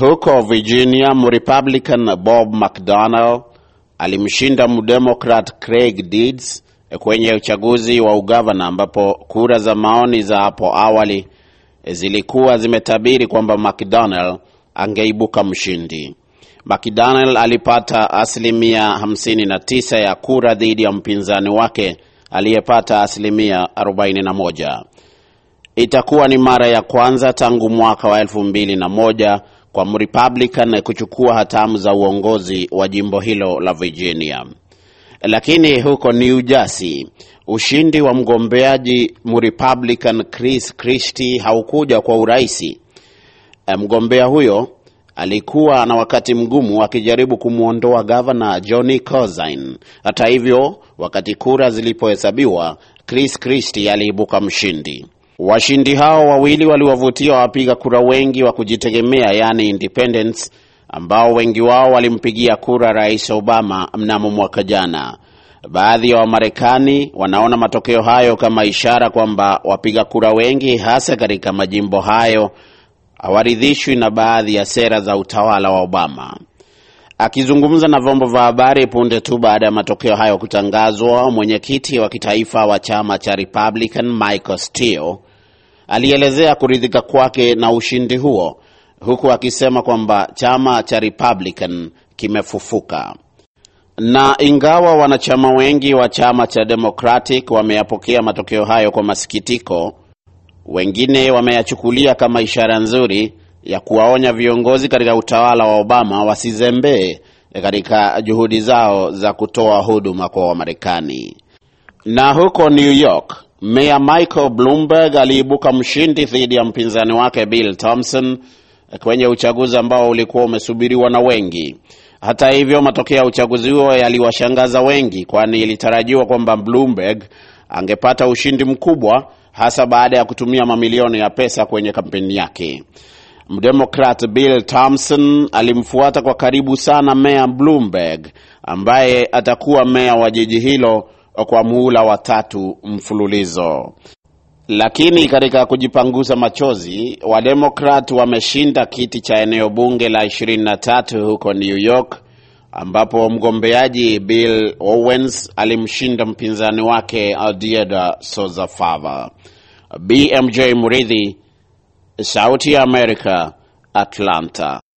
Huko Virginia, Mrepublican Bob McDonnell alimshinda Mdemokrat Craig Deeds kwenye uchaguzi wa ugavana ambapo kura za maoni za hapo awali eh, zilikuwa zimetabiri kwamba McDonnell angeibuka mshindi. McDonnell alipata asilimia 59 ya kura dhidi ya mpinzani wake aliyepata asilimia 41. Itakuwa ni mara ya kwanza tangu mwaka wa 2001 kwa Mrepublican kuchukua hatamu za uongozi wa jimbo hilo la Virginia. Lakini huko New Jersey ushindi wa mgombeaji Mrepublican Chris Christie haukuja kwa urahisi. Eh, mgombea huyo alikuwa na wakati mgumu akijaribu kumwondoa gavana Johnny Cosin. Hata hivyo, wakati kura zilipohesabiwa, Chris Christie aliibuka mshindi. Washindi hao wawili waliwavutia wapiga kura wengi wa kujitegemea, yani independents, ambao wengi wao walimpigia kura Rais Obama mnamo mwaka jana. Baadhi ya wa Wamarekani wanaona matokeo hayo kama ishara kwamba wapiga kura wengi hasa katika majimbo hayo hawaridhishwi na baadhi ya sera za utawala wa Obama. Akizungumza na vyombo vya habari punde tu baada ya matokeo hayo kutangazwa, mwenyekiti wa kitaifa wa chama cha Republican Michael Steele alielezea kuridhika kwake na ushindi huo huku akisema kwamba chama cha Republican kimefufuka. Na ingawa wanachama wengi wa chama cha Democratic wameyapokea matokeo hayo kwa masikitiko, wengine wameyachukulia kama ishara nzuri ya kuwaonya viongozi katika utawala wa Obama wasizembee katika juhudi zao za kutoa huduma kwa Wamarekani. Na huko New York Meya Michael Bloomberg aliibuka mshindi dhidi ya mpinzani wake Bill Thompson kwenye uchaguzi ambao ulikuwa umesubiriwa na wengi. Hata hivyo, matokeo ya uchaguzi huo yaliwashangaza wengi, kwani ilitarajiwa kwamba Bloomberg angepata ushindi mkubwa, hasa baada ya kutumia mamilioni ya pesa kwenye kampeni yake. Mdemokrat Bill Thompson alimfuata kwa karibu sana meya Bloomberg ambaye atakuwa meya wa jiji hilo kwa muhula wa tatu mfululizo. Lakini katika kujipanguza machozi, Wademokrat wameshinda kiti cha eneo bunge la 23 huko New York ambapo mgombeaji Bill Owens alimshinda mpinzani wake Aldieda sozafava BMJ Muridhi, Sauti ya Amerika, Atlanta.